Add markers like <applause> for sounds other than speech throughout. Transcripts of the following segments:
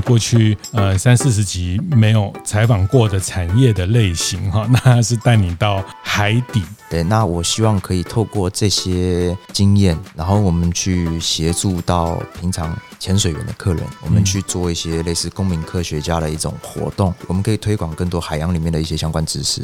過去呃三四十集沒有採訪過的產業的類型哈，那是帶你到海底。對，那我希望可以透過這些經驗，然後我們去協助到平常潛水員的客人，我們去做一些類似公民科學家的一種活動，我們可以推廣更多海洋裡面的一些相關知識。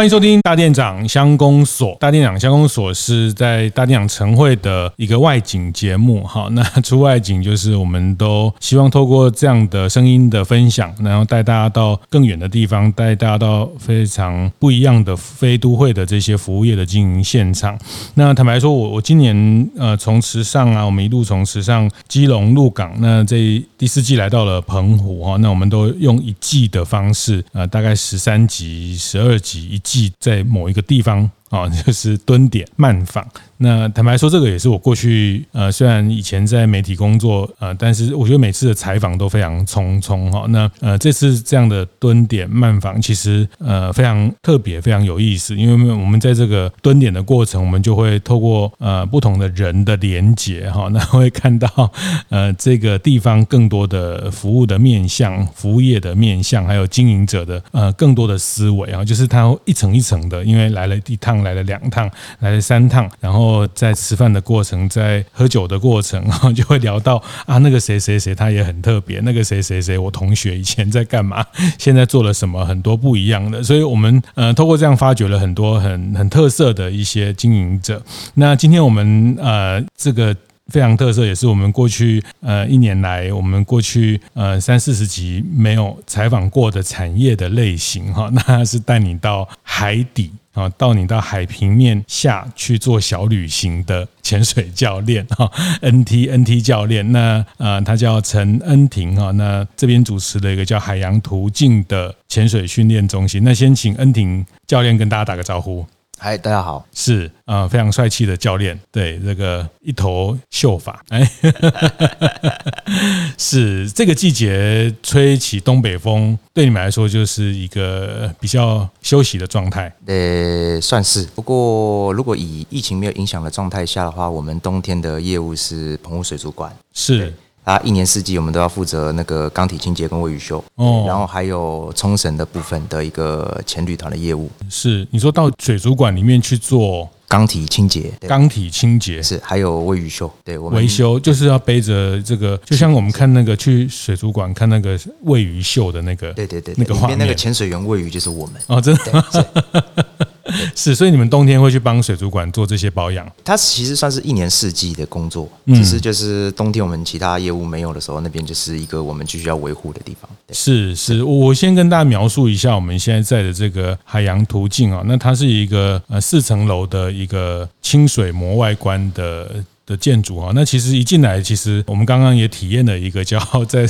歡迎收聽大店長鄉公所。大店長鄉公所是在大店長晨會的一個外景節目。好，那出外景就是我們都希望透過這樣的聲音的分享，然後帶大家到更遠的地方，帶大家到非常不一樣的非都會的這些服務業的經營現場。那坦白說，我我今年呃從池上啊，我們一路從池上基隆入港，那這第四季來到了澎湖哈，那我們都用一季的方式呃，大概十三集、十二集一。記在某一個地方。啊，就是蹲點慢訪。那坦白說，這個也是我過去呃，雖然以前在媒體工作呃，但是我覺得每次的採訪都非常匆匆哈。那呃，這次這樣的蹲點慢訪，其實呃非常特別，非常有意思。因為我們在這個蹲點的過程，我們就會透過呃不同的人的連接哈、哦，那會看到呃這個地方更多的服務的面向，服務業的面向，還有經營者的呃更多的思維啊、哦，就是他一層一層的，因為來了一趟。來了兩趟，來了三趟，然後在吃飯的過程，在喝酒的過程，就會聊到啊，那個誰誰誰他也很特別，那個誰誰誰我同學以前在幹嘛，現在做了什麼，很多不一樣的。所以我們呃，透過這樣發掘了很多很很特色的一些經營者。那今天我們呃，這個非常特色，也是我們過去呃一年來，我們過去呃三四十集沒有採訪過的產業的類型哈、哦，那是帶你到海底。啊，到你到海平面下去做小旅行的潛水教練啊，NT NT 教練，那呃，他叫陳恩霆啊，那這邊主持了一個叫海洋途徑的潛水訓練中心，那先請恩霆教練跟大家打個招呼。嗨，Hi, 大家好，是啊，呃，非常帥氣的教練，對，這、那個一頭秀髮，哎， <laughs> <laughs> 是這個季節吹起東北風，對你們來說就是一個比較休息的狀態，對，算是。不過，如果以疫情沒有影響的狀態下的話，我們冬天的業務是澎湖水族館，是。啊，一年四季我們都要負責那個缸體清潔跟餵魚秀。修，然後還有沖繩的部分的一個潛旅團的業務。是你說到水族館裡面去做缸體清潔，缸體清潔是還有餵魚秀。對，我們。維修就是要背着這個，就像我們看那個去水族館看那個餵魚秀的那個，對對對，那個裡面那個潛水員餵魚就是我們啊，哦、真的。對是，所以你們冬天會去幫水族館做這些保養？它其實算是一年四季的工作，嗯、只是就是冬天我們其他業務沒有的時候，那邊就是一個我們繼續要維護的地方。是是，對我先跟大家描述一下我們現在在的這個海洋途徑啊、哦，那它是一個呃四層樓的一個清水模外觀的的建築啊、哦。那其實一進來，其實我們剛剛也體驗了一個叫在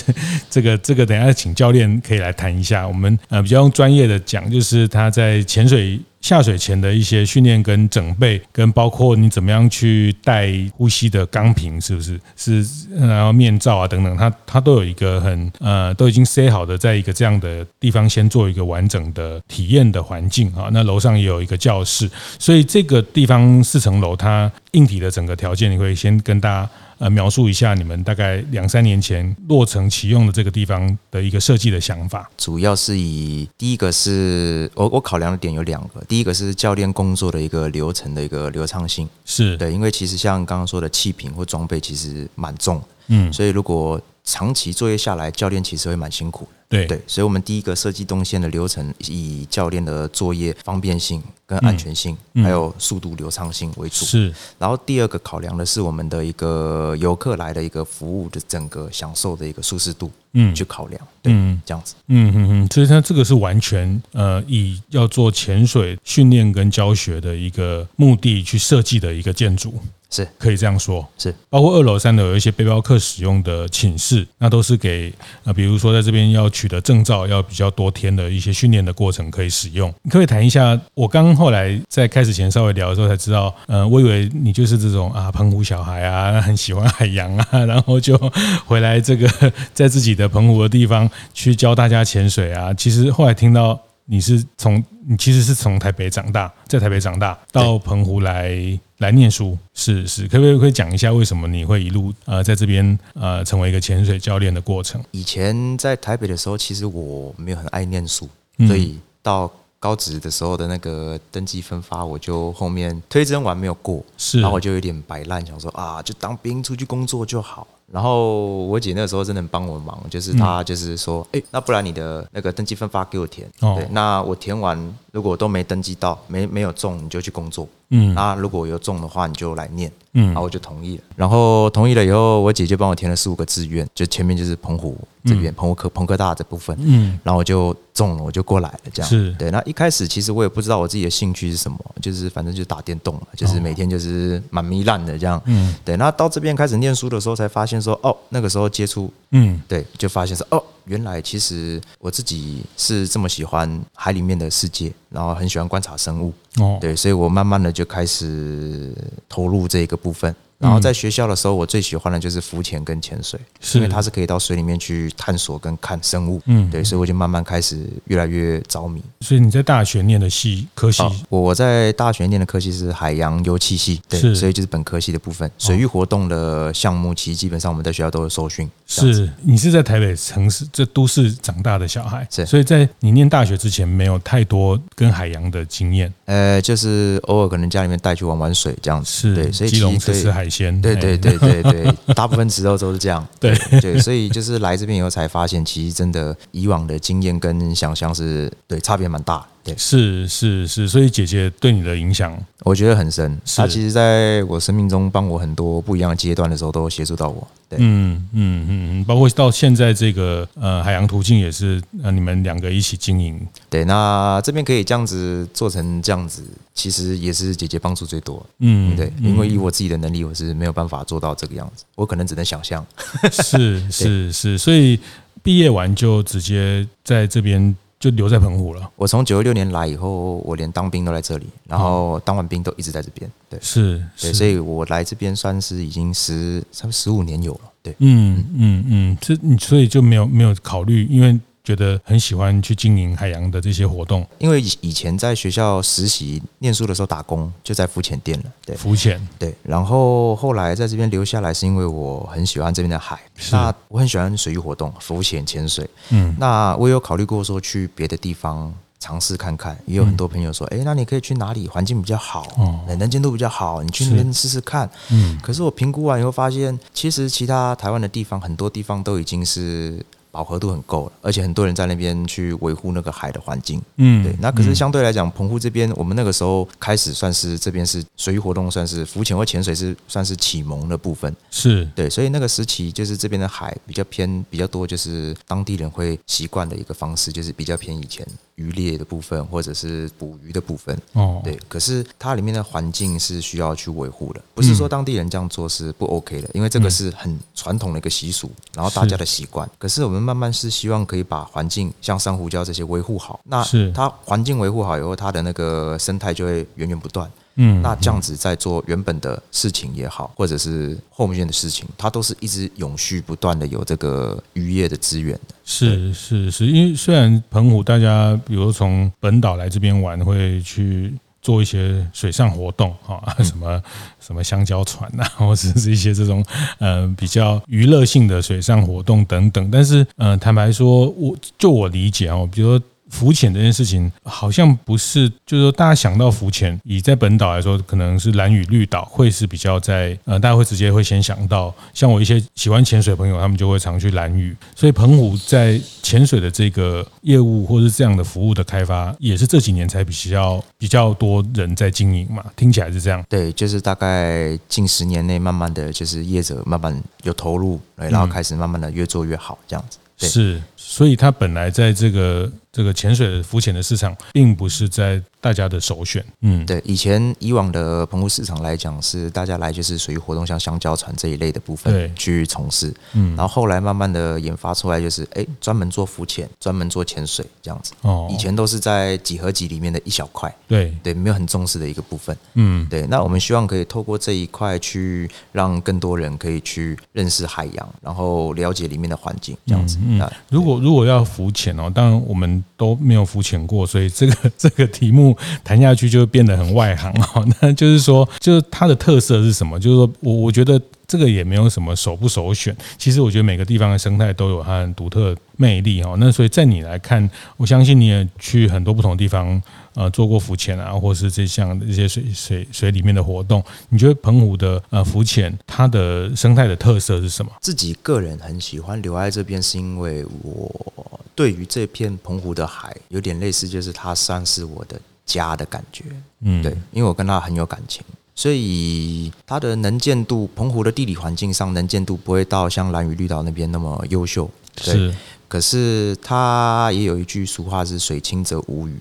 這個這個等一下，請教練可以來談一下，我們呃比較專業的講，就是他在潛水。下水前的一些訓練跟整備，跟包括你怎麼樣去帶呼吸的鋼瓶，是不是？是，然後面罩啊等等，它它都有一個很呃，都已經塞好的，在一個這樣的地方先做一個完整的體驗的環境啊。那樓上也有一個教室，所以這個地方四層樓，它硬體的整個條件，你會先跟大家。呃，描述一下你們大概兩三年前落成啟用的這個地方的一個設計的想法。主要是以第一個是，我我考量的點有兩個，第一個是教練工作的一個流程的一個流暢性，是對，因為其實像剛剛說的氣瓶或裝備其實蠻重，嗯，所以如果。長期作業下來，教練其實會蠻辛苦的。對，對，所以，我們第一個設計動線的流程，以教練的作業方便性、跟安全性，還有速度流暢性為主。是。然後第二個考量的是我們的一個遊客來的一個服務的整個享受的一個舒適度，嗯，去考量，嗯，這樣子，嗯嗯嗯，嗯，嗯嗯嗯，所以它這個是完全呃，以要做潛水訓練跟教學的一個目的去設計的一個建築。是，可以這樣說，是，包括二樓三樓有一些背包客使用的寢室，那都是給啊，比如說在這邊要取得證照，要比較多天的一些訓練的過程可以使用。你可以談一下，我剛後來在開始前稍微聊的時候才知道，呃，我以為你就是這種啊，澎湖小孩啊，很喜歡海洋啊，然後就回來這個在自己的澎湖的地方去教大家潛水啊。其實後來聽到。你是從你其實是從台北長大，在台北長大到澎湖來來念書，是是，可不可以可以講一下為什麼你會一路呃，在這邊呃成為一個潛水教練的過程？以前在台北的時候，其實我沒有很愛念書，所以到高職的時候的那個登記分發，我就後面推甄完，沒有過，然後我就有點擺爛，想說啊，就當兵出去工作就好。然後我姐那個時候真的很幫我忙，就是她就是說，誒，那不然你的那個登記分發給我填，對，哦，那我填完，如果都沒登記到，沒沒有中，你就去工作，嗯，那如果有中的話，你就來念。嗯，然後我就同意了，然後同意了以後，我姐就幫我填了四五個志願，就前面就是澎湖這邊，嗯、澎湖科澎科大這部分，嗯，然後我就中了，我就過來了，這樣是。對，那一開始其實我也不知道我自己的興趣是什麼，就是反正就打電動，就是每天就是蠻糜爛的這樣，對。那到這邊開始念書的時候，才發現說，哦，那個時候接觸，嗯，對，就發現說，哦。原來其實我自己是這麼喜歡海裡面的世界，然後很喜歡觀察生物，對，所以我慢慢的就開始投入這個部分。然後在學校的時候，我最喜歡的就是浮潛跟潛水，因為它是可以到水裡面去探索跟看生物，嗯、嗯，對，所以我就慢慢開始越來越着迷。所以你在大學念的系科系？哦，我在大學念的科系是海洋遊憩系，對，是 所以就是本科系的部分。水域活動的項目，其實基本上我們在學校都有受訓。是，你是在台北城市這都市長大的小孩？是，所以在你念大學之前，沒有太多跟海洋的經驗。呃，就是偶爾可能家裡面帶去玩玩水這樣子，是。所以其實海。先 對對對對對， <laughs> 大部分時候都是這樣，對對，所以就是來這邊以後才發現，其實真的以往的經驗跟想象是對差別蠻大。對是，是是是，所以姐姐對你的影響，我覺得很深。是她其實在我生命中，幫我很多不一樣的階段的時候，都協助到我。對，嗯，嗯嗯嗯，包括到現在這個呃海洋途徑也是，那你們兩個一起經營。對，那這邊可以這樣子做成這樣子，其實也是姐姐幫助最多。嗯，對，因為以我自己的能力，我是沒有辦法做到這個樣子，我可能只能想象是 <laughs> 對。是是是，所以畢業完就直接在這邊。就留在澎湖了。我從九六年來以後，我連當兵都在這裡，然後當完兵都一直在這邊。對，是，對，所以我來這邊算是已經十，差不多十五年有了。對，嗯嗯，嗯嗯嗯，這你所以就沒有沒有考慮，因為。覺得很喜歡去經營海洋的這些活動，因為以以前在學校實習、念書的時候打工，就在浮潛店了。對，浮潛，對。然後後來在這邊留下來，是因為我很喜歡這邊的海。那我很喜歡水域活動，浮潛、潛水。嗯。那我有考慮過說去別的地方嘗試看看，也有很多朋友說：“誒，那你可以去哪裡？環境比較好，人、嗯、能見度比較好，你去那邊試試看。”嗯。可是我評估完以後發現，其實其他台灣的地方，很多地方都已經是。飽和度很夠了，而且很多人在那邊去維護那個海的環境。嗯，對。那可是相對來講，澎湖這邊，我們那個時候開始算是這邊是水域活動，算是浮潛或潛水是算是啟蒙的部分。是，對。所以那個時期就是這邊的海比較偏比較多，就是當地人會習慣的一個方式，就是比較偏以前。漁獵的部分或者是捕魚的部分，哦，對，可是它裡面的環境是需要去維護的，不是說當地人這樣做是不 OK 的，因為這個是很傳統的一個習俗，然後大家的習慣。可是我們慢慢是希望可以把環境像珊瑚礁這些維護好，那它環境維護好以後，它的那個生態就會源源不斷。嗯，嗯，那這樣子在做原本的事情也好，或者是後面的事情，它都是一直永續不斷的有這個漁業的資源的。是是是，因為雖然澎湖大家比如從本島來這邊玩，會去做一些水上活動啊，什麼什麼香蕉船啊，或者是一些這種嗯比較娛樂性的水上活動等等。但是，嗯，坦白說，我就我理解哦，比如說。浮潛這件事情好像不是，就是說大家想到浮潛，以在本島來說，可能是蘭嶼綠島會是比較在呃，大家會直接會先想到，像我一些喜歡潛水朋友，他們就會常去蘭嶼。所以澎湖在潛水的這個業務或者是這樣的服務的開發，也是這幾年才比較比較多人在經營嘛？聽起來是這樣。對，就是大概近十年內，慢慢的就是業者慢慢有投入，然後開始慢慢的越做越好這樣子。對是，所以他本來在這個。這個潛水浮潛的市場，並不是在大家的首選。嗯，對，以前以往的澎湖市場來講，是大家來就是屬於活動像香蕉船這一類的部分去從事。嗯，然後後來慢慢的研發出來，就是哎、欸、專門做浮潛，專門做潛水這樣子。哦，以前都是在幾何級裡面的一小塊。對對，沒有很重視的一個部分。嗯，對。那我們希望可以透過這一塊，去讓更多人可以去認識海洋，然後了解裡面的環境這樣子那、嗯。那、嗯嗯、如果如果要浮潛哦，當然我們。都沒有浮潛過，所以這個這個題目談下去就變得很外行啊。那就是說，就是它的特色是什麼？就是說我我覺得這個也沒有什麼首不首選。其實我覺得每個地方的生態都有它獨特魅力哈。那所以在你來看，我相信你也去很多不同的地方。呃，做過浮潛啊，或是這項一些水水水裡面的活動，你覺得澎湖的呃浮潛它的生態的特色是什麼？自己個人很喜歡留在這邊，是因為我對於這片澎湖的海有點類似，就是它算是我的家的感覺。嗯，對，因為我跟他很有感情，所以它的能見度，澎湖的地理環境上能見度不會到像蘭嶼綠島那邊那麼優秀。對是，可是它也有一句俗話是“水清則無魚”。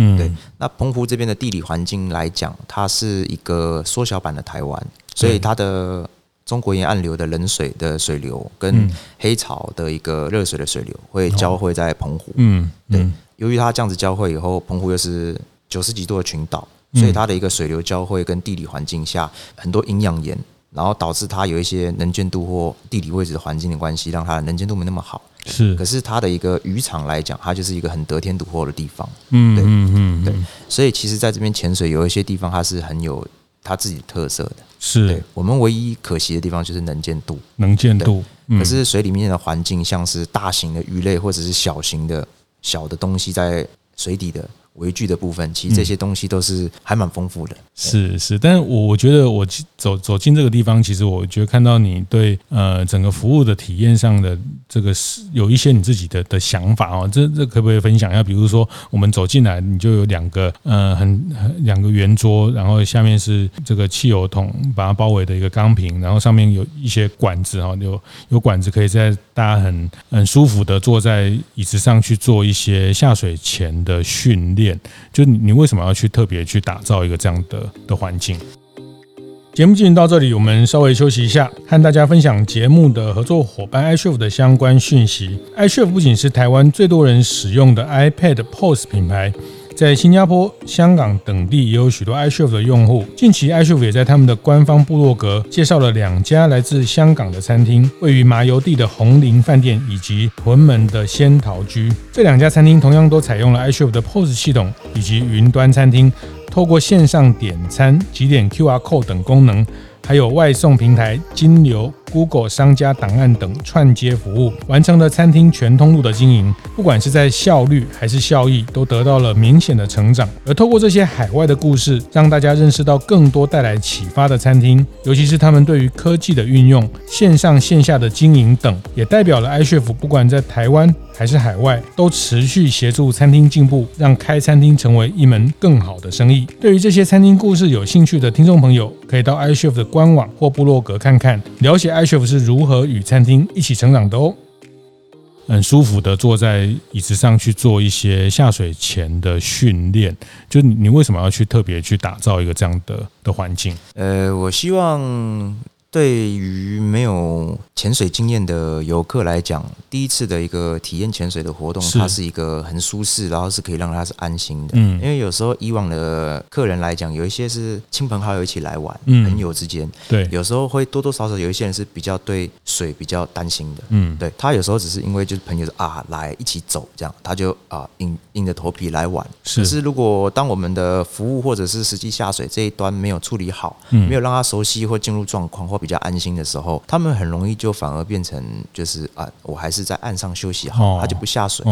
嗯，對。那澎湖這邊的地理環境來講，它是一個縮小版的台灣，所以它的中國沿岸流的冷水的水流跟黑潮的一個熱水的水流會交匯在澎湖。嗯，對。由於它這樣子交匯以後，澎湖又是九十幾度的群島，所以它的一個水流交匯跟地理環境下很多營養鹽。然後導致它有一些能見度或地理位置的環境的關係，讓它的能見度沒那麼好。是，可是它的一個漁場來講，它就是一個很得天獨厚的地方。嗯，對，嗯嗯，嗯對。所以其實在這邊潛水，有一些地方它是很有它自己的特色的。是，我們唯一可惜的地方就是能見度，能見度。對，嗯，可是水裡面的環境，像是大型的魚類或者是小型的小的東西在水底的。微距的部分，其實這些東西都是還蠻豐富的。是是，但是我我覺得我走走進這個地方，其實我覺得看到你對呃整個服務的體驗上的這個是有一些你自己的的想法哦、喔。這這可不可以分享一下？比如說我們走進來，你就有兩個呃很很兩個圓桌，然後下面是這個汽油桶把它包圍的一個鋼瓶，然後上面有一些管子啊、喔，有有管子可以在大家很很舒服的坐在椅子上去做一些下水前的訓練。就你為什麼要去特別去打造一個這樣的的環境？節目進行到這裡，我們稍微休息一下，和大家分享節目的合作夥伴 iCHEF 的相關訊息。iCHEF 不僅是台灣最多人使用的 iPad POS 品牌。在新加坡、香港等地也有許多 iCHEF 的用戶。近期 iCHEF 也在他們的官方部落格介紹了兩家來自香港的餐廳，位於麻油地的紅林飯店以及屯門的仙桃居。這兩家餐廳同樣都採用了 iCHEF 的 POS 系統以及雲端餐廳，透過線上點餐、集點 QR Code 等功能，還有外送平台金流。Google、商家檔案等串接服務，完成了餐廳全通路的經營，不管是在效率還是效益，都得到了明顯的成長。而透過這些海外的故事，讓大家認識到更多帶來啟發的餐廳，尤其是他們對於科技的運用、線上線下的經營等，也代表了 iCHEF 不管在台灣還是海外，都持續協助餐廳進步，讓開餐廳成為一門更好的生意。對於這些餐廳故事有興趣的聽眾朋友，可以到 iCHEF 的官網或部落格看看，了解 i iCHEF 是如何與餐廳一起成長的哦。很舒服的坐在椅子上去做一些下水前的訓練，就你為什麼要去特別去打造一個這樣的的環境？呃，我希望。對於沒有潛水經驗的遊客來講，第一次的一個體驗潛水的活動，它是一個很舒適，然後是可以讓他是安心的。嗯，因為有時候以往的客人來講，有一些是親朋好友一起來玩，嗯，朋友之間，對，有時候會多多少少有一些人是比較對水比較擔心的，嗯，對，他有時候只是因為就是朋友是啊來一起走這樣，他就啊硬硬着頭皮來玩。是，但是如果當我們的服務或者是實際下水這一端沒有處理好，沒有讓他熟悉或進入狀況或。比較安心的時候，他們很容易就反而變成就是啊，我還是在岸上休息好，他就不下水。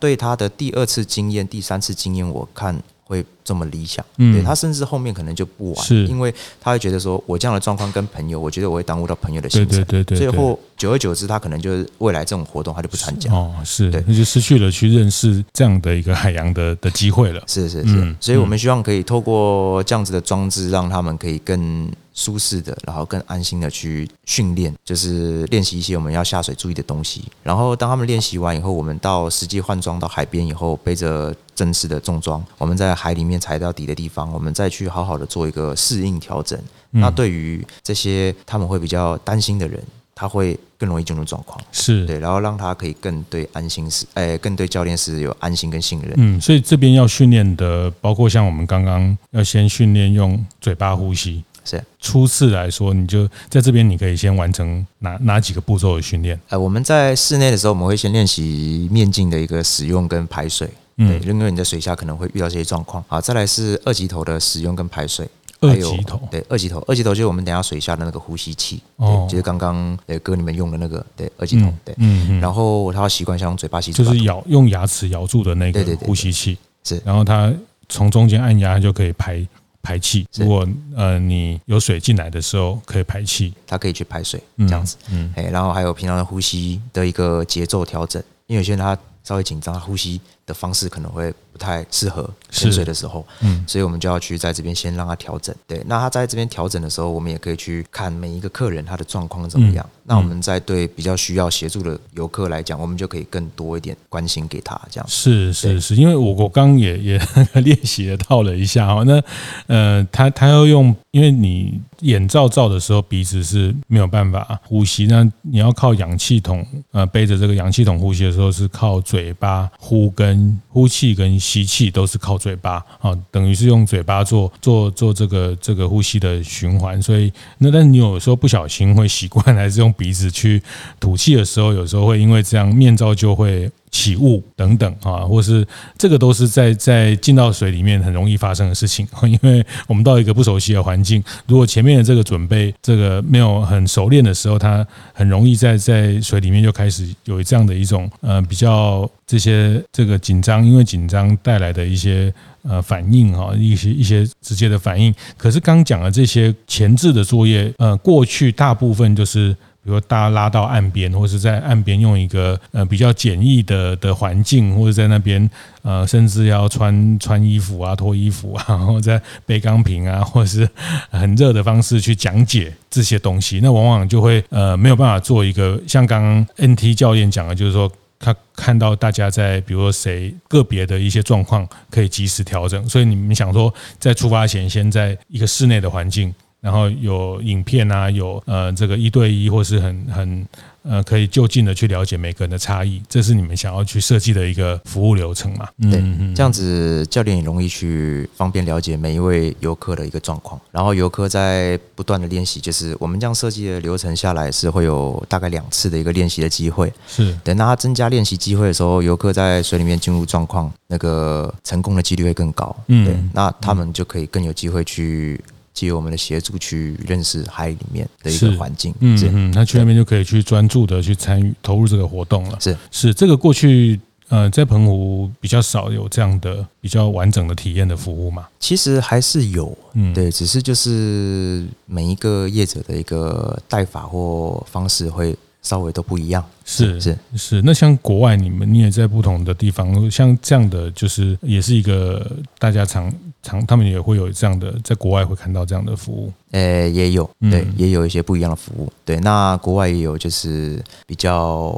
對他的第二次經驗、第三次經驗，我看會這麼理想、嗯對，對，他甚至後面可能就不玩，是因為他會覺得說我這樣的狀況跟朋友，我覺得我會耽誤到朋友的行程。對對對對，最後久而久之，他可能就是未來這種活動他就不參加，是哦，是對，那就失去了去認識這樣的一個海洋的的機會了、嗯，是，是是是，是是嗯、所以我們希望可以透過這樣子的裝置，讓他們可以更舒適的，嗯、然後更安心的去訓練，就是練習一些我們要下水注意的東西，然後當他們練習完以後，我們到實際換裝到海邊以後背着。正式的重裝，我們在海裡面踩到底的地方，我們再去好好的做一個適應調整。嗯、那對於這些他們會比較擔心的人，他會更容易進入狀況，是對，然後讓他可以更對安心是，誒，更對教練是有安心跟信任。嗯，所以這邊要訓練的，包括像我們剛剛要先訓練用嘴巴呼吸，是、啊、初次來說，你就在這邊你可以先完成哪哪幾個步驟的訓練？呃，我們在室內的時候，我們會先練習面鏡的一個使用跟排水。嗯、對，因為你在水下可能會遇到這些狀況。好，再來是二級頭的使用跟排水。還有二級頭，對，二級頭，二級頭就是我們等一下水下的那個呼吸器，哦、對，就是剛剛誒哥你們用的那個，對，二級頭，嗯、對，嗯嗯。然後他習慣像用嘴巴吸，就是咬用牙齒咬住的那個呼吸器，對對對對對是。然後他從中間按壓就可以排排氣。是如果呃你有水進來的時候可以排氣，它可以去排水這樣子，嗯，嗯然後還有平常的呼吸的一個節奏調整，因為有些人他稍微緊張，呼吸。的方式可能會不太適合潛水的時候，嗯，所以我們就要去在這邊先讓他調整。對，那他在這邊調整的時候，我們也可以去看每一個客人他的狀況怎麼樣？嗯嗯、那我們在對比較需要協助的遊客來講，我們就可以更多一點關心給他。這樣是，是，對，是，因為我我剛剛也也練習了套了一下哦、喔，那呃，他他要用，因為你眼罩罩的時候，鼻子是沒有辦法呼吸呢。你要靠氧氣筒，呃，背着這個氧氣筒呼吸的時候是靠嘴巴呼跟。呼氣跟吸氣都是靠嘴巴啊，哦，等於是用嘴巴做做做這個這個呼吸的循環。所以那但你有時候不小心會習慣，還是用鼻子去吐氣的時候，有時候會因為這樣面罩就會。起霧等等啊，或是這個都是在在進到水裡面很容易發生的事情，因為我們到一個不熟悉的環境，如果前面的這個準備這個沒有很熟練的時候，它很容易在在水裡面就開始有這樣的一種呃比較這些這個緊張，因為緊張帶來的一些呃反應哈，一些一些直接的反應。可是剛講的這些前置的作業，呃，過去大部分就是。比如大家拉到岸邊，或是在岸邊用一個呃比較簡易的的環境，或者在那邊呃甚至要穿穿衣服啊、脫衣服啊，然後在背鋼瓶啊，或者是很熱的方式去講解這些東西，那往往就會呃沒有辦法做一個像剛剛 NT 教練講的，就是說他看到大家在比如說誰個別的一些狀況可以及時調整，所以你們想說在出發前先在一個室內的環境。然後有影片啊，有呃，這個一對一或是很很呃，可以就近的去了解每個人的差異，這是你們想要去設計的一個服務流程嘛、嗯？對，這樣子教練也容易去方便了解每一位遊客的一個狀況。然後遊客在不斷的練習，就是我們這樣設計的流程下來是會有大概兩次的一個練習的機會。是，等他增加練習機會的時候，遊客在水裡面進入狀況，那個成功的幾率會更高。嗯，對，那他們就可以更有機會去。借由我們的協助去認識海裡面的一個環境。嗯嗯，那去那邊就可以去專注的去參與投入這個活動了。是，是是，這個過去呃在澎湖比較少有這樣的比較完整的體驗的服務嘛、嗯？其實還是有，嗯，對，只是就是每一個業者的一個帶法或方式會稍微都不一樣。是是，是是是。那像國外，你們你也在不同的地方，像這樣的就是也是一個大家常常他們也會有這樣的，在國外會看到這樣的服務，誒，也有，對，也有一些不一樣的服務，對。那國外也有就是比較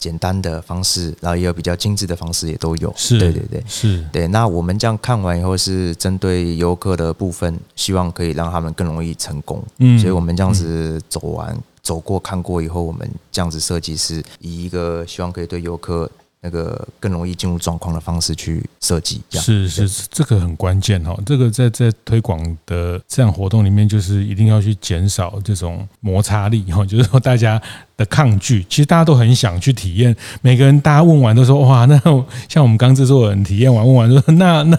簡單的方式，然後也有比較精緻的方式，也都有。是，對對對，是對。那我們這樣看完以後，是針對遊客的部分，希望可以讓他們更容易成功。嗯，所以我們這樣子走完、嗯、走過看過以後，我們這樣子設計是以一個希望可以對遊客。那個更容易進入狀況的方式去設計，是是是，這個很關鍵哈。這個在在推廣的這樣活動裡面，就是一定要去減少這種摩擦力哈，就是說大家。的抗拒，其實大家都很想去體驗。每個人，大家問完都說：“哇，那像我們剛制作人體驗完，問完說，那那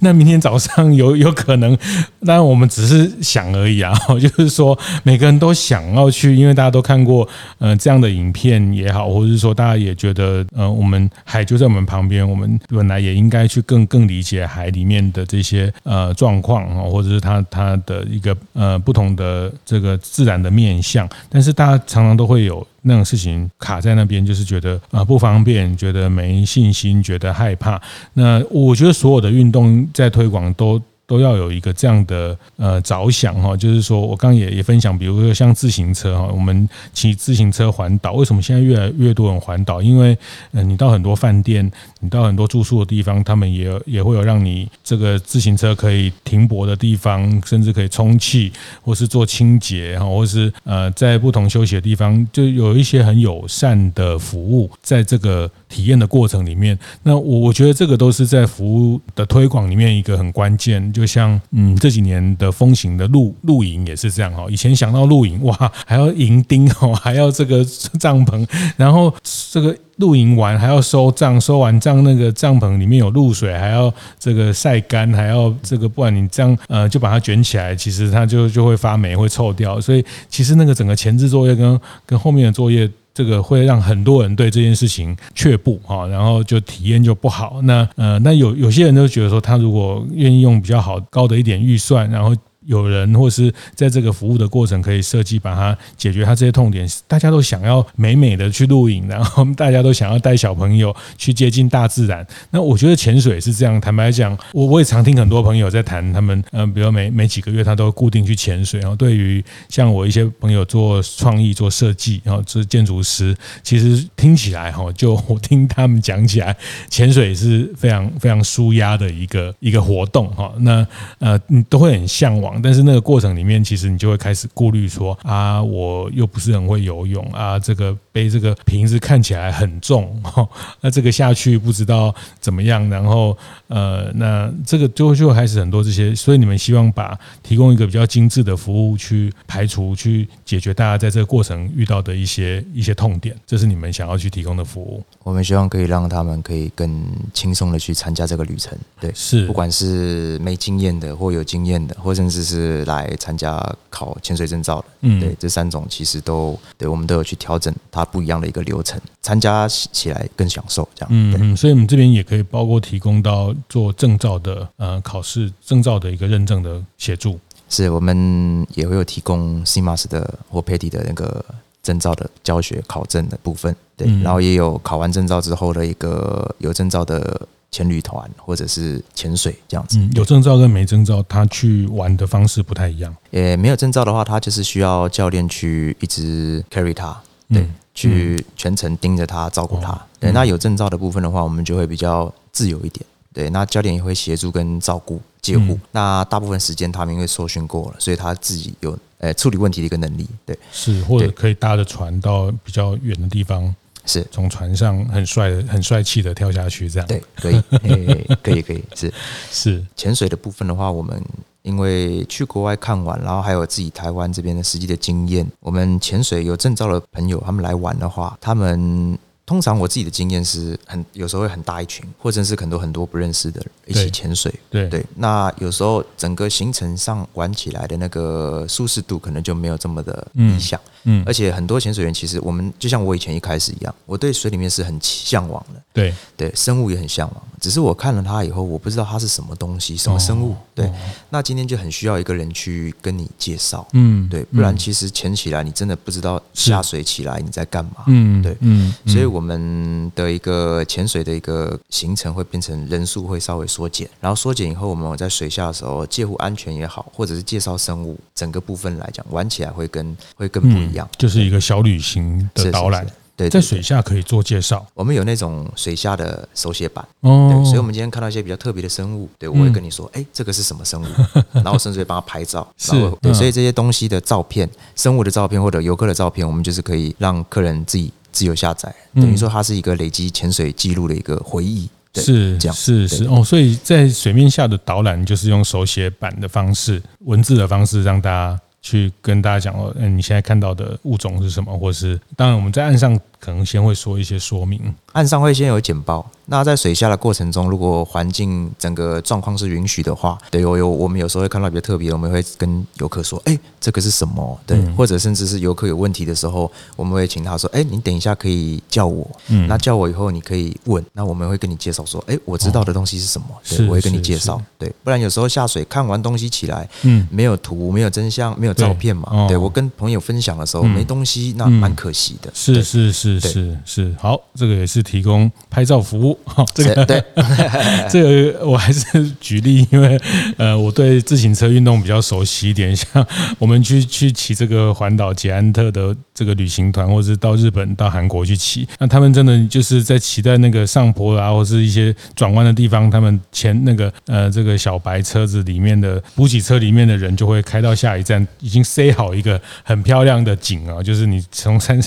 那明天早上有有可能？那我們只是想而已啊，就是說，每個人都想要去，因為大家都看過、呃、這樣的影片也好，或者是說大家也覺得呃我們海就在我們旁邊，我們本來也應該去更更理解海裡面的這些呃狀況啊，或者是它它的一個呃不同的這個自然的面向。但是大家常常都會。有那種事情卡在那邊，就是覺得啊不方便，覺得沒信心，覺得害怕。那我覺得所有的運動在推廣都。都要有一個這樣的呃着想哈，就是說我剛也也分享，比如說像自行車哈，我們騎自行車環島，為什麼現在越來越多人環島？因為嗯、呃，你到很多飯店，你到很多住宿的地方，他們也也會有讓你這個自行車可以停泊的地方，甚至可以充氣，或是做清潔哈，或是呃在不同休息的地方，就有一些很友善的服務在這個。體驗的過程裡面，那我我覺得這個都是在服務的推廣裡面一個很關鍵。就像嗯，這幾年的風行的露露營也是這樣哈。以前想到露營哇，還要營釘哦，還要這個帳篷，然後這個露營完還要收帳，收完帳那個帳篷裡面有露水，還要這個曬乾，還要這個，不然你這樣呃就把它捲起來，其實它就就會發霉會臭掉。所以其實那個整個前置作業跟跟後面的作業。這個會讓很多人對這件事情卻步啊，然後就體驗就不好。那呃，那有有些人都覺得說，他如果願意用比較好，高的一點預算，然後。有人或是在這個服務的過程，可以設計把它解決它這些痛點。大家都想要美美的去露營，然後大家都想要帶小朋友去接近大自然。那我覺得潛水是這樣。坦白講，我我也常聽很多朋友在談他們，嗯，呃，比如每每幾個月他都固定去潛水，哦。然後對於像我一些朋友做創意、做設計，然後做建築師，其實聽起來哈，哦，就我聽他們講起來，潛水是非常非常舒壓的一個一個活動哈，哦。那呃，你都會很向往。但是那個過程裡面，其實你就會開始顧慮說啊，我又不是很會游泳啊，這個背這個瓶子看起來很重，哦，那這個下去不知道怎麼樣。然後呃，那這個就就開始很多這些。所以你們希望把提供一個比較精緻的服務，去排除、去解決大家在這個過程遇到的一些一些痛點，這是你們想要去提供的服務。我們希望可以讓他們可以更輕鬆的去參加這個旅程。對，是，不管是沒經驗的或有經驗的，或者是。是來參加考潛水證照的，嗯，對，這三種其實都對我們都有去調整，它不一樣的一個流程，參加起來更享受，這樣，嗯，所以我們這邊也可以包括提供到做證照的呃考試證照的一個認證的協助，是我們也會有提供 CMAS 的或 PADI 的那個證照的教學考證的部分，對，嗯、然後也有考完證照之後的一個有證照的。潛旅團或者是潛水這樣子，有證照跟沒證照，他去玩的方式不太一樣。呃，沒有證照的話，他就是需要教練去一直 carry 他，對，去全程盯着他，照顧他。對，那有證照的部分的話，我們就會比較自由一點。對，那教練也會協助跟照顧、接護。那大部分時間，他們因為受訓過了，所以他自己有呃處理問題的一個能力。對，是或者可以搭着船到比較遠的地方。是從船上很帥、很帥氣的跳下去這樣，對，可以、 <laughs> 欸，可以，可以，是是。潛水的部分的話，我們因為去國外看完，然後還有自己台灣這邊的實際的經驗，我們潛水有證照的朋友，他們來玩的話，他們。通常我自己的經驗是很有時候會很大一群，或者是很多很多不認識的人一起潛水。對，對，對，那有時候整個行程上玩起來的那個舒適度可能就沒有這麼的理想，嗯。嗯，而且很多潛水員其實我們就像我以前一開始一樣，我對水裡面是很向往的。對對，生物也很向往。只是我看了它以後，我不知道它是什麼東西，什麼生物。哦，對，哦，那今天就很需要一個人去跟你介紹。嗯，對，不然其實潛起來你真的不知道下水起來你在幹嘛。嗯，對，嗯，所以，我們的一個潛水的一個行程會變成人數會稍微縮減，然後縮減以後，我們在水下的時候，介護安全也好，或者是介紹生物，整個部分來講，玩起來會跟會更不一樣，嗯，就是一個小旅行的導覽是是是。對，對，在水下可以做介紹。對對對，我們有那種水下的手寫板哦，所以我們今天看到一些比較特別的生物對，對我會跟你說，哎，這個是什麼生物？嗯、然後甚至會幫他拍照。 <laughs> 是，然後對，所以這些東西的照片，生物的照片或者遊客的照片，我們就是可以讓客人自己自由下載，等於說它是一個累積潛水記錄的一個回憶，是對這樣，是是對哦，所以在水面下的導覽就是用手寫板的方式、文字的方式讓大家去跟大家講哦，嗯，你現在看到的物種是什麼，或是當然我們在岸上。可能先會說一些說明，岸上會先有簡報。那在水下的過程中，如果環境整個狀況是允許的話，對，我有我們有時候會看到比較特別，我們會跟游客說：“哎、欸，這個是什麼？”對，嗯、或者甚至是游客有問題的時候，我們會請他說：“哎、欸，你等一下可以叫我。”嗯，那叫我以後你可以問，那我們會跟你介紹說：“哎、欸，我知道的東西是什麼？”哦、對，我會跟你介紹。是是是，對，不然有時候下水看完東西起來，嗯，沒有圖、沒有真相、沒有照片嘛？對哦、對，我跟朋友分享的時候沒東西，那蠻可惜的。嗯、對、是是是。是是是，好，這個也是提供拍照服務。這個這個我還是舉例，因為呃，我對自行車運動比較熟悉一點。像我們去去騎這個環島捷安特的這個旅行團，或者是到日本、到韓國去騎，那他們真的就是在騎在那個上坡，啊，或是一些轉彎的地方，他們前那個呃這個小白車子裡面的補給車裡面的人就會開到下一站，已經塞好一個很漂亮的景啊，就是你從山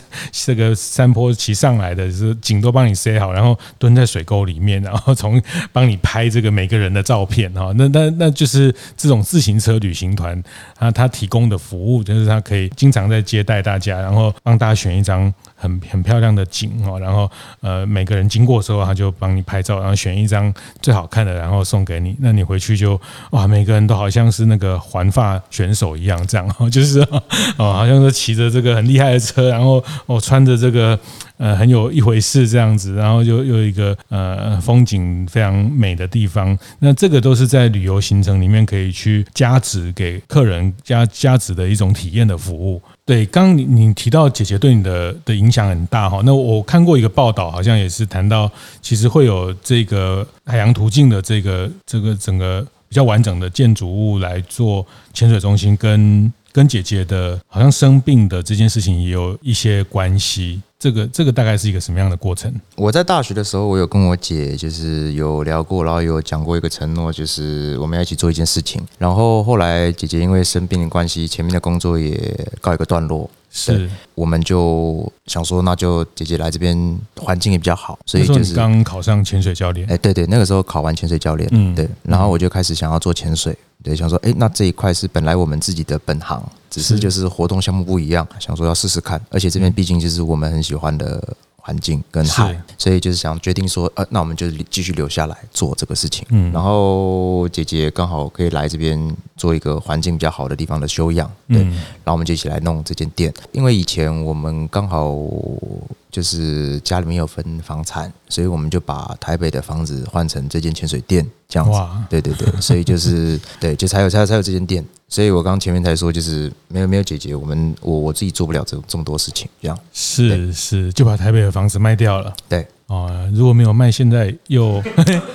這個山坡。或者騎上來的，就是井都幫你塞好，然後蹲在水溝裡面，然後從幫你拍這個每個人的照片，哈，那那那就是這種自行車旅行團，啊，他提供的服務就是他可以經常在接待大家，然後幫大家選一張。很很漂亮的景哦，然後呃每個人經過的時候，他就幫你拍照，然後選一張最好看的，然後送給你。那你回去就哇，每個人都好像是那個環法選手一樣，這樣哦，就是哦，好像都騎着這個很厲害的車，然後哦穿着這個呃很有一回事這樣子，然後就又一個呃風景非常美的地方。那這個都是在旅遊行程裡面可以去加值給客人加加值的一種體驗的服務。對，剛你你提到姐姐對你的的影響很大哈，那我看過一個報道，好像也是談到，其實會有這個海洋途徑的這個這個整個比較完整的建築物來做潛水中心跟。跟姐姐的，好像生病的這件事情也有一些關係。這個這個大概是一個什麼樣的過程？我在大學的時候，我有跟我姐就是有聊過，然後有講過一個承諾，就是我們要一起做一件事情。然後後來姐姐因為生病的關係，前面的工作也告一個段落。是對，我們就想說，那就姐姐來這邊，環境也比較好，所以就是剛考上潛水教練。哎，欸、對對，那個時候考完潛水教練，嗯，對，然後我就開始想要做潛水，對，想說，哎、欸，那這一塊是本來我們自己的本行，只是就是活動項目不一樣，想說要試試看，而且這邊畢竟就是我們很喜歡的。環境跟海，所以就是想決定說，呃，那我們就繼續留下來做這個事情。然後姐姐剛好可以來這邊做一個環境比較好的地方的修養。對，然後我們就一起來弄這間店，因為以前我們剛好就是家裡面有分房產，所以我們就把台北的房子換成這間潛水店。講話，對對對，哇 所以就是對，就才有才有才有這間店。所以我剛剛前面才說，就是沒有沒有姐姐，我們我我自己做不了這這麼多事情。這樣是，對 是是，就把台北的房子賣掉了。對啊，呃、如果沒有賣，現在又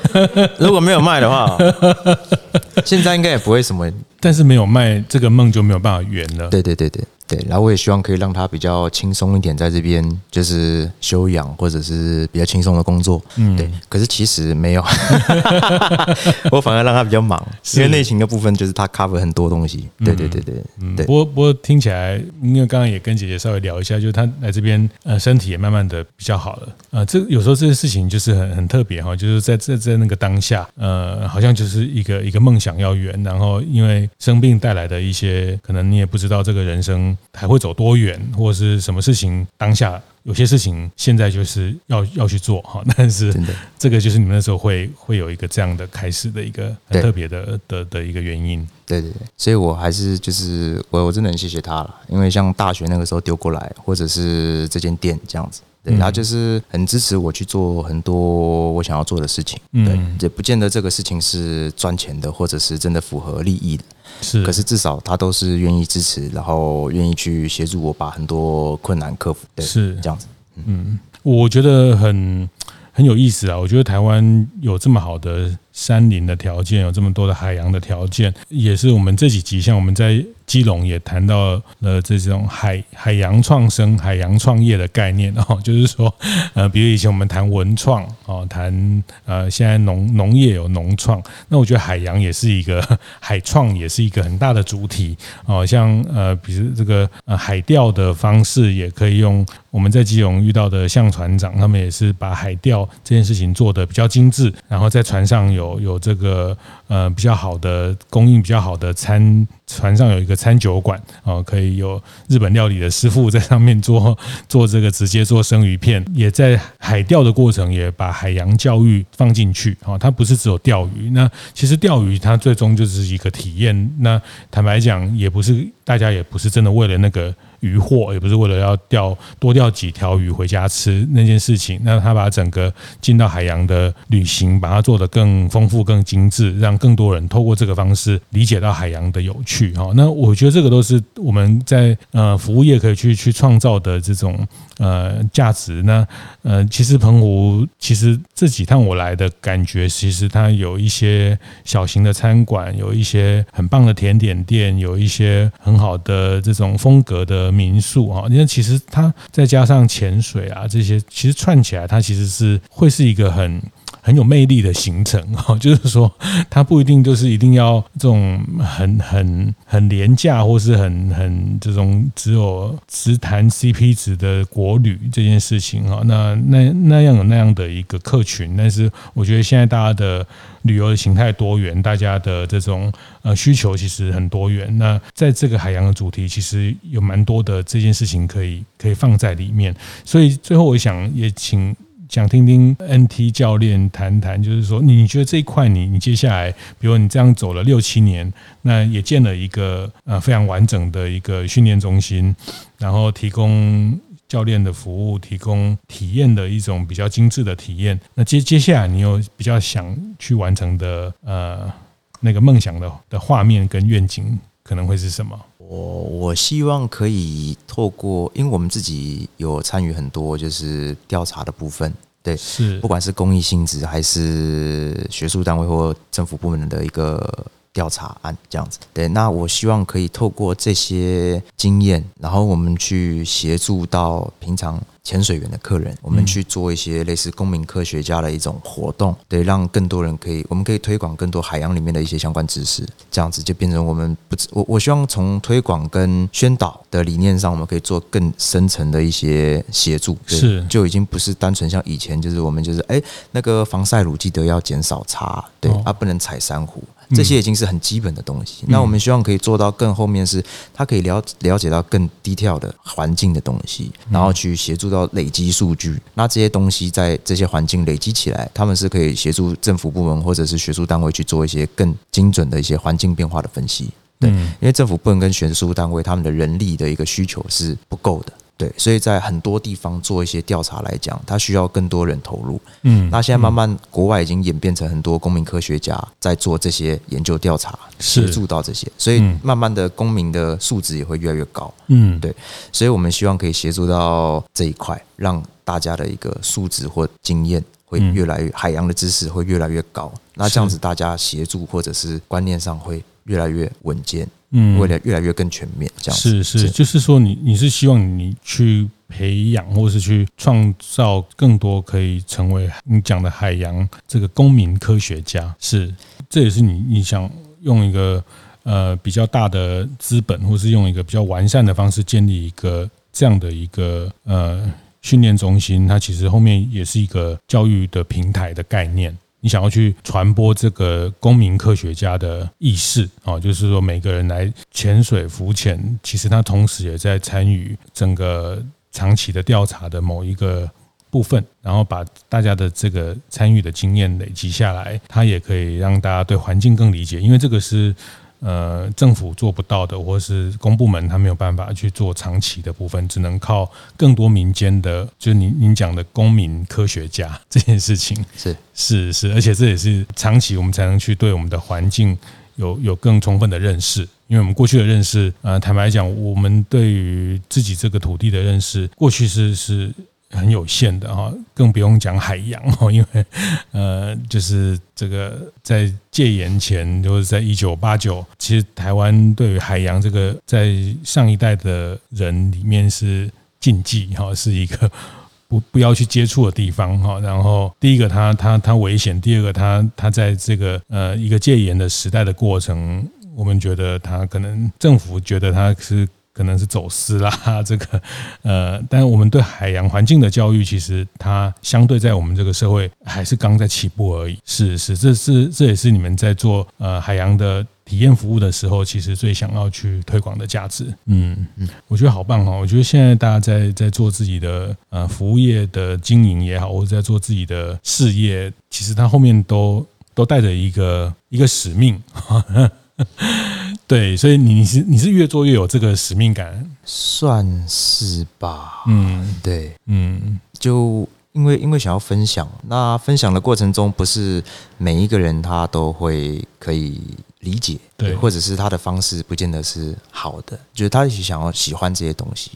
<laughs> 如果沒有賣的話，現在應該也不會什麼。但是沒有賣，這個夢就沒有辦法圓了。對對對對。對，然後我也希望可以讓他比較輕鬆一點，在這邊就是休養，或者是比較輕鬆的工作。嗯，對。可是其實沒有， <laughs> <laughs> 我反而讓他比較忙，是因為內勤的部分就是他 cover 很多東西。對對對對。嗯、對、嗯、不過不過聽起來，因為剛剛也跟姐姐稍微聊一下，就是他來這邊，呃，身體也慢慢的比較好了。呃，這有時候這些事情就是很很特別哈、哦，就是在在，在那個當下，呃，好像就是一個一個夢想要圓，然後因為生病帶來的一些，可能你也不知道這個人生，還會走多遠，或者是什麼事情？當下有些事情現在就是要要去做哈。但是這個就是你們那時候會會有一個這樣的開始的一個很特別的對的的一個原因。對對對，所以我還是就是我我真的很謝謝他了，因為像大學那個時候丟過來，或者是這間店這樣子，對，他就是很支持我去做很多我想要做的事情。對，也、嗯、不見得這個事情是賺錢的，或者是真的符合利益的。是，可是至少他都是願意支持，然後願意去協助我把很多困難克服的，是這樣子嗯。嗯，我覺得很很有意思啊！我覺得台灣有這麼好的。山林的條件有這麼多的海洋的條件，也是我們這幾集像我們在基隆也談到了、呃、這種海海洋創生、海洋創業的概念哦，就是說，呃，比如以前我們談文創哦，談呃現在農農業有農創，那我覺得海洋也是一個海創，也是一個很大的主體哦，像呃比如這個、呃、海釣的方式也可以用，我們在基隆遇到的像船長他們也是把海釣這件事情做得比較精緻，然後在船上有。有有這個呃比較好的供應，比較好的餐，船上有一個餐酒館啊，可以有日本料理的師傅在上面做做這個直接做生魚片，也在海釣的過程也把海洋教育放進去啊，它不是只有釣魚。那其實釣魚它最終就是一個體驗，那坦白講也不是大家也不是真的為了那個。漁獲也不是為了要釣多釣幾條魚回家吃那件事情，那他把整個進到海洋的旅行把它做得更豐富、更精致，讓更多人透過這個方式理解到海洋的有趣。哈，那我覺得這個都是我們在呃服務業可以去去創造的這種呃價值。那呃，其實澎湖其實這幾趟我來的感覺，其實它有一些小型的餐館，有一些很棒的甜點店，有一些很好的這種風格的。民宿啊，因為其實它再加上潛水啊這些，其實串起來，它其實是會是一個很很有魅力的行程啊，就是說，它不一定就是一定要這種很很很廉價，或是很很這種只有只談 CP 值的國旅這件事情啊。那那那樣有那樣的一個客群，但是我覺得現在大家的旅遊的形態多元，大家的這種呃需求其實很多元。那在這個海洋的主題，其實有蠻多的這件事情可以可以放在裡面。所以最後，我想也請。想聽聽 NT 教練談談，就是說，你覺得這一塊你，你你接下來，比如你這樣走了六七年，那也建了一個呃非常完整的一個訓練中心，然後提供教練的服務，提供體驗的一種比較精致的體驗。那接接下來，你有比較想去完成的呃那個夢想的的畫面跟願景，可能會是什麼？我我希望可以透過，因為我們自己有參與很多就是調查的部分，對，是，不管是公益性質還是學術單位或政府部門的一個調查案這樣子，對，那我希望可以透過這些經驗，然後我們去協助到平常潛水員的客人，我們去做一些類似公民科學家的一種活動，對，讓更多人可以，我們可以推廣更多海洋裡面的一些相關知識，這樣子就變成我們不只，我我希望從推廣跟宣導的理念上，我們可以做更深層的一些協助，對，是，就已經不是單純像以前就是我們就是哎、欸，那個防曬乳記得要減少擦，對，而，哦啊，不能踩珊瑚。嗯、這些已經是很基本的東西，嗯、那我們希望可以做到更後面是，他可以了了解到更低調的環境的東西，然後去協助到累積數據。嗯、那這些東西在這些環境累積起來，他們是可以協助政府部門或者是學術單位去做一些更精準的一些環境變化的分析。對，嗯、因為政府部門跟學術單位他們的人力的一個需求是不夠的。對，所以在很多地方做一些調查來講，它需要更多人投入。嗯，那現在慢慢、嗯、國外已經演變成很多公民科學家在做這些研究調查，是協助到這些，所以慢慢的公民的素質也會越來越高。嗯，對，所以我們希望可以協助到這一塊，讓大家的一個素質或經驗會越來越、嗯、海洋的知識會越來越高。是那這樣子大家協助或者是觀念上會越來越穩健。嗯，未來越來越更全面，這樣。是是，就是說你，你你是希望你去培養，或是去創造更多可以成為你講的海洋這個公民科學家，是。這也是你你想用一個呃比較大的資本，或是用一個比較完善的方式建立一個這樣的一個呃訓練中心，它其實後面也是一個教育的平台的概念。你想要去傳播這個公民科學家的意識啊，就是說每個人來潛水浮潛，其實他同時也在參與整個長期的調查的某一個部分，然後把大家的這個參與的經驗累積下來，他也可以讓大家對環境更理解，因為這個是。呃，政府做不到的，或者是公部門他沒有辦法去做長期的部分，只能靠更多民間的，就是您您講的公民科學家這件事情，是是是，而且這也是長期我們才能去對我們的環境有有更充分的認識，因為我們過去的認識，呃，坦白講，我們對於自己這個土地的認識，過去是是。很有限的哈，更不用講海洋哦，因為呃，就是這個在戒嚴前，就是在一九八九，其實台灣對於海洋這個，在上一代的人裡面是禁忌哈，是一個不不要去接觸的地方哈。然後第一個他，它它它危險；第二個他，它它在這個呃一個戒嚴的時代的過程，我們覺得它可能政府覺得它是。可能是走私啦，這個，呃，但我們對海洋環境的教育，其實它相對在我們這個社會還是剛在起步而已。是，是是，這是這也是你們在做呃海洋的體驗服務的時候，其實最想要去推廣的價值。嗯嗯，我覺得好棒啊，齁！我覺得現在大家在在做自己的呃服務業的經營也好，或者在做自己的事業，其實它後面都都帶着一個一個使命。呵呵對，所以你是你是越做越有這個使命感，算是吧？嗯，對，嗯，就因為因為想要分享，那分享的過程中，不是每一個人他都會可以理解，對，對，或者是他的方式不見得是好的，就是他也想要喜歡這些東西，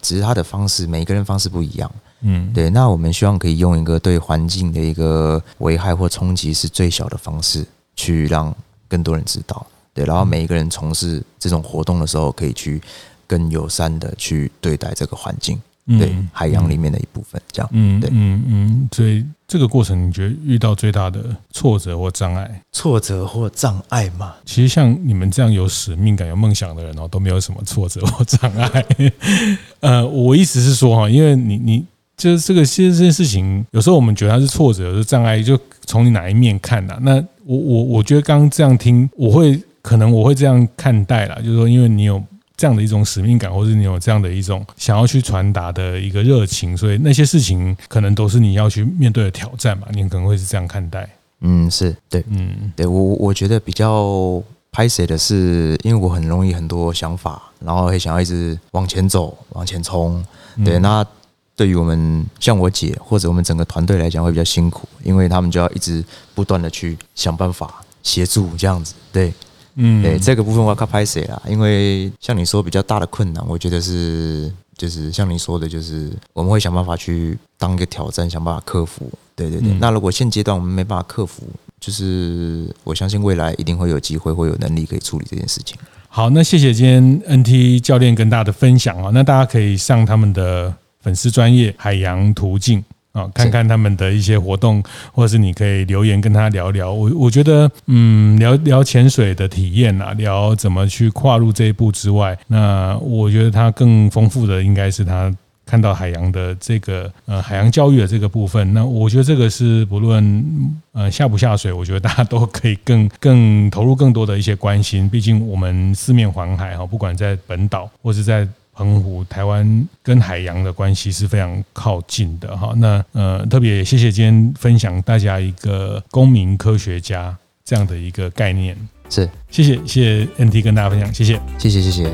只是他的方式，每一個人方式不一樣，嗯，對。那我們希望可以用一個對環境的一個危害或衝擊是最小的方式，去讓更多人知道。對，然後每一個人從事這種活動的時候，可以去更友善的去對待這個環境，嗯、對海洋裡面的一部分，這樣，嗯對嗯嗯，所以這個過程你覺得遇到最大的挫折或障礙？挫折或障礙嗎？其實像你們這樣有使命感、有夢想的人哦，都沒有什麼挫折或障礙。 <laughs> 呃，我意思是說哈，因為你你就是這個這這件事情，有時候我們覺得它是挫折，有時候障礙，就從你哪一面看的、啊？那我我我覺得剛剛這樣聽，我會。可能我會這樣看待啦，就是說，因為你有這樣的一種使命感，或者你有這樣的一種想要去傳達的一個熱情，所以那些事情可能都是你要去面對的挑戰嘛。你可能會是這樣看待。嗯，是對，嗯，對我我覺得比較歹勢的是，因為我很容易很多想法，然後會想要一直往前走，往前衝。對，嗯、那對於我們像我姐或者我們整個團隊來講會比較辛苦，因為他們就要一直不斷的去想辦法協助這樣子。對。嗯對，對這個部分我要靠拍誰啦，因為像你說比較大的困難，我覺得是就是像你說的，就是我們會想辦法去當一個挑戰，想辦法克服。對對對，嗯、那如果現階段我們沒辦法克服，就是我相信未來一定會有機會，會有能力可以處理這件事情。好，那謝謝今天 NT 教練跟大家的分享哦，那大家可以上他們的粉絲專頁海洋途徑。看看他們的一些活動，或者是你可以留言跟他聊聊。我我覺得，嗯，聊聊潛水的體驗啊，聊怎麼去跨入這一步之外，那我覺得他更豐富的應該是他看到海洋的這個呃，海洋教育的這個部分。那我覺得這個是不論呃下不下水，我覺得大家都可以更更投入更多的一些關心。畢竟我們四面環海哈、哦，不管在本島或是在。澎湖、台灣跟海洋的關係是非常靠近的哈。那呃，特別謝謝今天分享大家一個公民科學家這樣的一個概念。是，謝謝，謝謝 NT 跟大家分享，謝謝，謝謝，謝謝。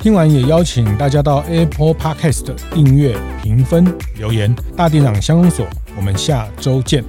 聽完也邀請大家到 Apple Podcast 訂閱、評分、留言。大店長鄉公所，我們下周見。